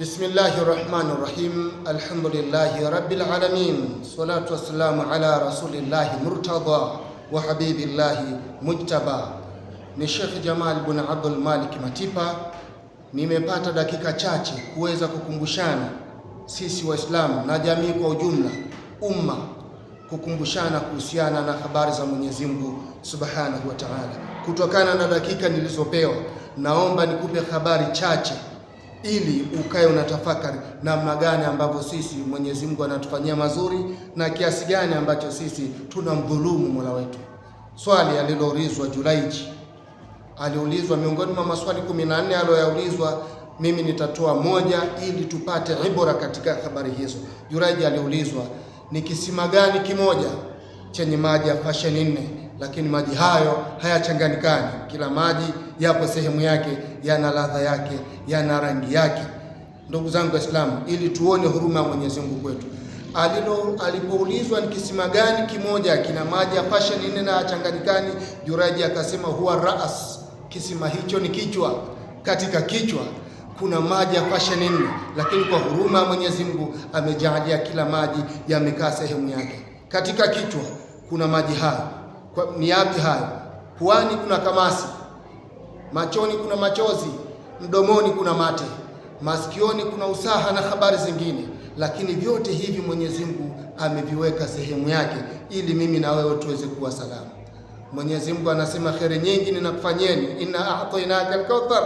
Bismillahi rahmani rahim, alhamdulillahi rabbil alamin, salatu wassalamu ala rasulillahi murtada wa habibillahi mujtaba. Ni shekh Jamal bin Abdul Malik Matipa. Nimepata dakika chache kuweza kukumbushana sisi Waislamu na jamii kwa ujumla, umma, kukumbushana kuhusiana na habari za Mwenyezi Mungu Subhanahu wa Ta'ala. Kutokana na dakika nilizopewa, naomba nikupe habari chache ili ukae unatafakari namna gani ambavyo sisi Mwenyezi Mungu anatufanyia mazuri na kiasi gani ambacho sisi tunamdhulumu Mola wetu. Swali aliloulizwa Julaiji, aliulizwa miongoni mwa maswali kumi na nne aliyoyaulizwa, mimi nitatoa moja ili tupate ibra katika habari hizo. Julaiji aliulizwa, ni kisima gani kimoja chenye maji ya fasheni nne lakini maji hayo hayachanganyikani. Kila maji yapo sehemu yake, yana ladha yake, yana rangi yake. Ndugu zangu Waislamu, ili tuone huruma ya Mwenyezi Mungu kwetu. Alipoulizwa ni kisima gani kimoja kina maji ya pasha nne na achanganyikani, Juraji akasema huwa ras, kisima hicho ni kichwa. Katika kichwa kuna maji ya pasha nne, lakini kwa huruma ya Mwenyezi Mungu amejaalia kila maji yamekaa sehemu yake. Katika kichwa kuna maji hayo kwa, ni yapi hayo? Puani kuna kamasi, machoni kuna machozi, mdomoni kuna mate, masikioni kuna usaha na habari zingine, lakini vyote hivi Mwenyezi Mungu ameviweka sehemu yake ili mimi na wewe tuweze kuwa salama. Mwenyezi Mungu anasema kheri nyingi ninakufanyeni, inna a'tainaka al-kauthar,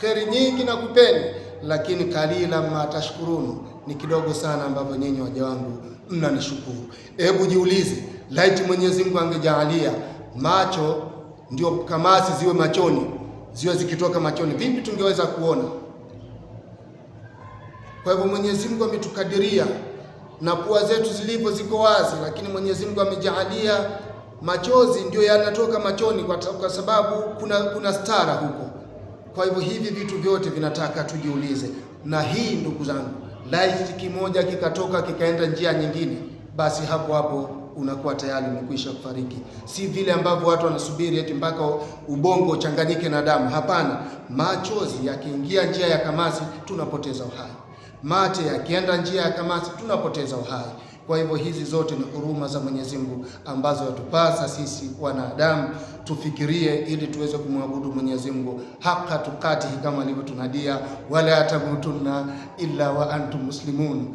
kheri nyingi nakupeni, lakini kalila ma tashkurun ni kidogo sana ambavyo nyinyi waja wangu mnanishukuru. Hebu jiulize, laiti Mwenyezi Mungu angejaalia macho ndio kamasi ziwe machoni, ziwe zikitoka machoni, vipi tungeweza kuona? Kwa hivyo Mwenyezi Mungu ametukadiria na pua zetu zilivyo ziko wazi, lakini Mwenyezi Mungu amejaalia machozi ndio yanatoka machoni, kwa sababu kuna, kuna stara huko. Kwa hivyo hivi vitu vyote vinataka tujiulize, na hii ndugu zangu laiti kimoja kikatoka kikaenda njia nyingine, basi hapo hapo unakuwa tayari umekwisha kufariki. Si vile ambavyo watu wanasubiri eti mpaka ubongo uchanganyike na damu. Hapana, machozi yakiingia njia ya kamasi tunapoteza uhai, mate yakienda njia ya kamasi tunapoteza uhai. Kwa hivyo hizi zote ni huruma za Mwenyezi Mungu ambazo yatupasa sisi wanadamu tufikirie ili tuweze kumwabudu Mwenyezi Mungu haka tukatihi, kama alivyotunadia wala tamutunna illa wa antum muslimun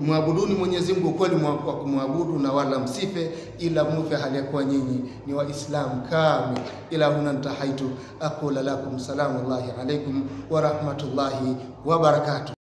Mwabuduni Mwenyezi Mungu kweli kwa kumwabudu, na wala msife ila mufe hali yakuwa nyinyi ni Waislamu kamwe. ila huna ntahaitu aqula lakum salamu llahi alaikum wa rahmatullahi wa barakatuh.